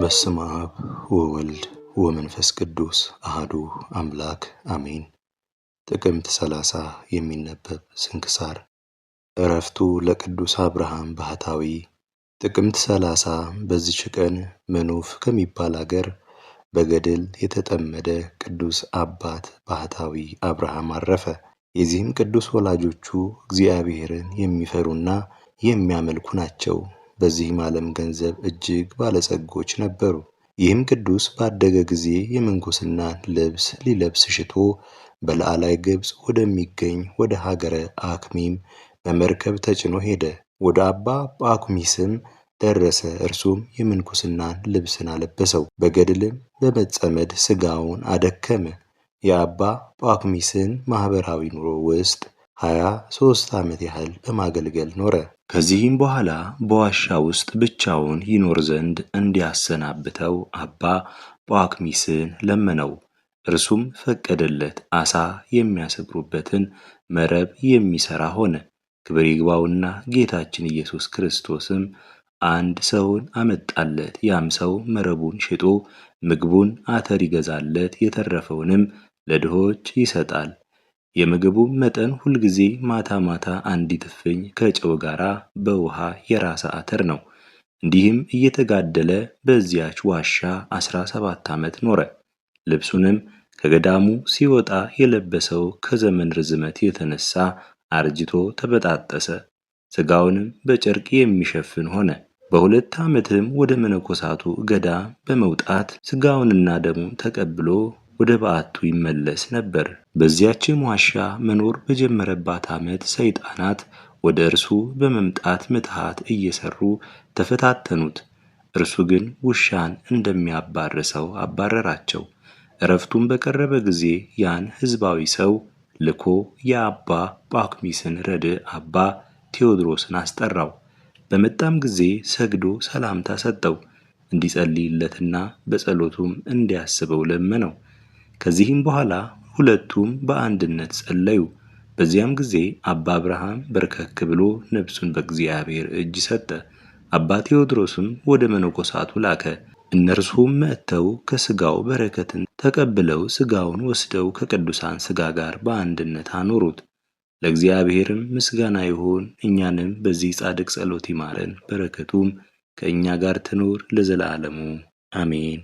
በስመ አብ ወወልድ ወመንፈስ ቅዱስ አህዱ አምላክ አሜን። ጥቅምት ሰላሳ የሚነበብ ስንክሳር። እረፍቱ ለቅዱስ አብርሃም ባህታዊ ጥቅምት ሰላሳ በዚች ቀን መኖፍ ከሚባል አገር በገድል የተጠመደ ቅዱስ አባት ባህታዊ አብርሃም አረፈ። የዚህም ቅዱስ ወላጆቹ እግዚአብሔርን የሚፈሩና የሚያመልኩ ናቸው። በዚህም ዓለም ገንዘብ እጅግ ባለጸጎች ነበሩ። ይህም ቅዱስ ባደገ ጊዜ የምንኩስናን ልብስ ሊለብስ ሽቶ በላዕላይ ግብፅ ወደሚገኝ ወደ ሀገረ አክሚም በመርከብ ተጭኖ ሄደ። ወደ አባ ጳኩሚስም ደረሰ። እርሱም የምንኩስናን ልብስን አለበሰው። በገድልም በመጸመድ ሥጋውን አደከመ። የአባ ጳኩሚስን ማኅበራዊ ኑሮ ውስጥ ሀያ ሶስት ዓመት ያህል በማገልገል ኖረ። ከዚህም በኋላ በዋሻ ውስጥ ብቻውን ይኖር ዘንድ እንዲያሰናብተው አባ ጳኩሚስን ለመነው። እርሱም ፈቀደለት። አሳ የሚያሰግሩበትን መረብ የሚሠራ ሆነ። ክብር ይግባውና ጌታችን ኢየሱስ ክርስቶስም አንድ ሰውን አመጣለት። ያም ሰው መረቡን ሽጦ ምግቡን አተር ይገዛለት፣ የተረፈውንም ለድሆች ይሰጣል። የምግቡ መጠን ሁልጊዜ ማታ ማታ አንዲት እፍኝ ከጨው ጋር በውሃ የራስ አተር ነው። እንዲህም እየተጋደለ በዚያች ዋሻ 17 ዓመት ኖረ። ልብሱንም ከገዳሙ ሲወጣ የለበሰው ከዘመን ርዝመት የተነሳ አርጅቶ ተበጣጠሰ። ስጋውንም በጨርቅ የሚሸፍን ሆነ። በሁለት ዓመትም ወደ መነኮሳቱ ገዳም በመውጣት ስጋውንና ደሙን ተቀብሎ ወደ በዓቱ ይመለስ ነበር። በዚያችም ዋሻ መኖር በጀመረባት ዓመት ሰይጣናት ወደ እርሱ በመምጣት ምትሃት እየሰሩ ተፈታተኑት። እርሱ ግን ውሻን እንደሚያባርሰው አባረራቸው። እረፍቱም በቀረበ ጊዜ ያን ሕዝባዊ ሰው ልኮ የአባ ጳኩሚስን ረድ አባ ቴዎድሮስን አስጠራው። በመጣም ጊዜ ሰግዶ ሰላምታ ሰጠው። እንዲጸልይለትና በጸሎቱም እንዲያስበው ለመነው። ከዚህም በኋላ ሁለቱም በአንድነት ጸለዩ። በዚያም ጊዜ አባ አብርሃም በርከክ ብሎ ነፍሱን በእግዚአብሔር እጅ ሰጠ። አባ ቴዎድሮስም ወደ መነኮሳቱ ላከ። እነርሱም መጥተው ከስጋው በረከትን ተቀብለው ስጋውን ወስደው ከቅዱሳን ስጋ ጋር በአንድነት አኖሩት። ለእግዚአብሔርም ምስጋና ይሁን፣ እኛንም በዚህ ጻድቅ ጸሎት ይማረን፣ በረከቱም ከእኛ ጋር ትኖር ለዘላለሙ አሜን።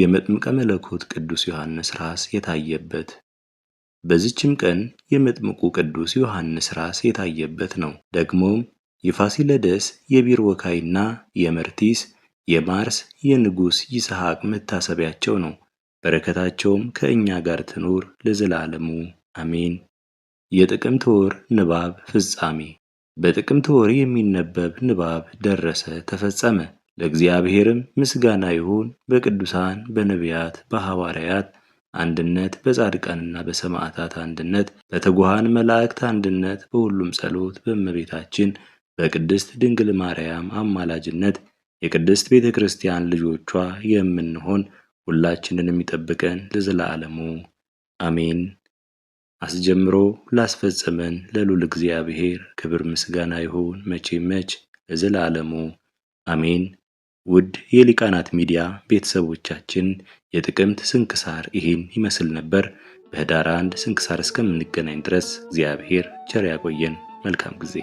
የመጥምቀ መለኮት ቅዱስ ዮሐንስ ራስ የታየበት በዚችም ቀን የመጥምቁ ቅዱስ ዮሐንስ ራስ የታየበት ነው። ደግሞም የፋሲለደስ የቢርወካይና የመርቲስ የማርስ የንጉሥ ይስሐቅ መታሰቢያቸው ነው። በረከታቸውም ከእኛ ጋር ትኖር ለዘላለሙ አሜን። የጥቅምት ወር ንባብ ፍጻሜ። በጥቅምት ወር የሚነበብ ንባብ ደረሰ፣ ተፈጸመ። ለእግዚአብሔርም ምስጋና ይሁን በቅዱሳን በነቢያት በሐዋርያት አንድነት በጻድቃንና በሰማዕታት አንድነት በትጉሃን መላእክት አንድነት በሁሉም ጸሎት በእመቤታችን በቅድስት ድንግል ማርያም አማላጅነት የቅድስት ቤተ ክርስቲያን ልጆቿ የምንሆን ሁላችንን የሚጠብቀን ለዘላለሙ አሜን። አስጀምሮ ላስፈጸመን ለሉል እግዚአብሔር ክብር ምስጋና ይሁን መቼ መች ለዘላለሙ አሜን። ውድ የሊቃናት ሚዲያ ቤተሰቦቻችን የጥቅምት ስንክሳር ይህን ይመስል ነበር። በህዳር አንድ ስንክሳር እስከምንገናኝ ድረስ እግዚአብሔር ቸር ያቆየን። መልካም ጊዜ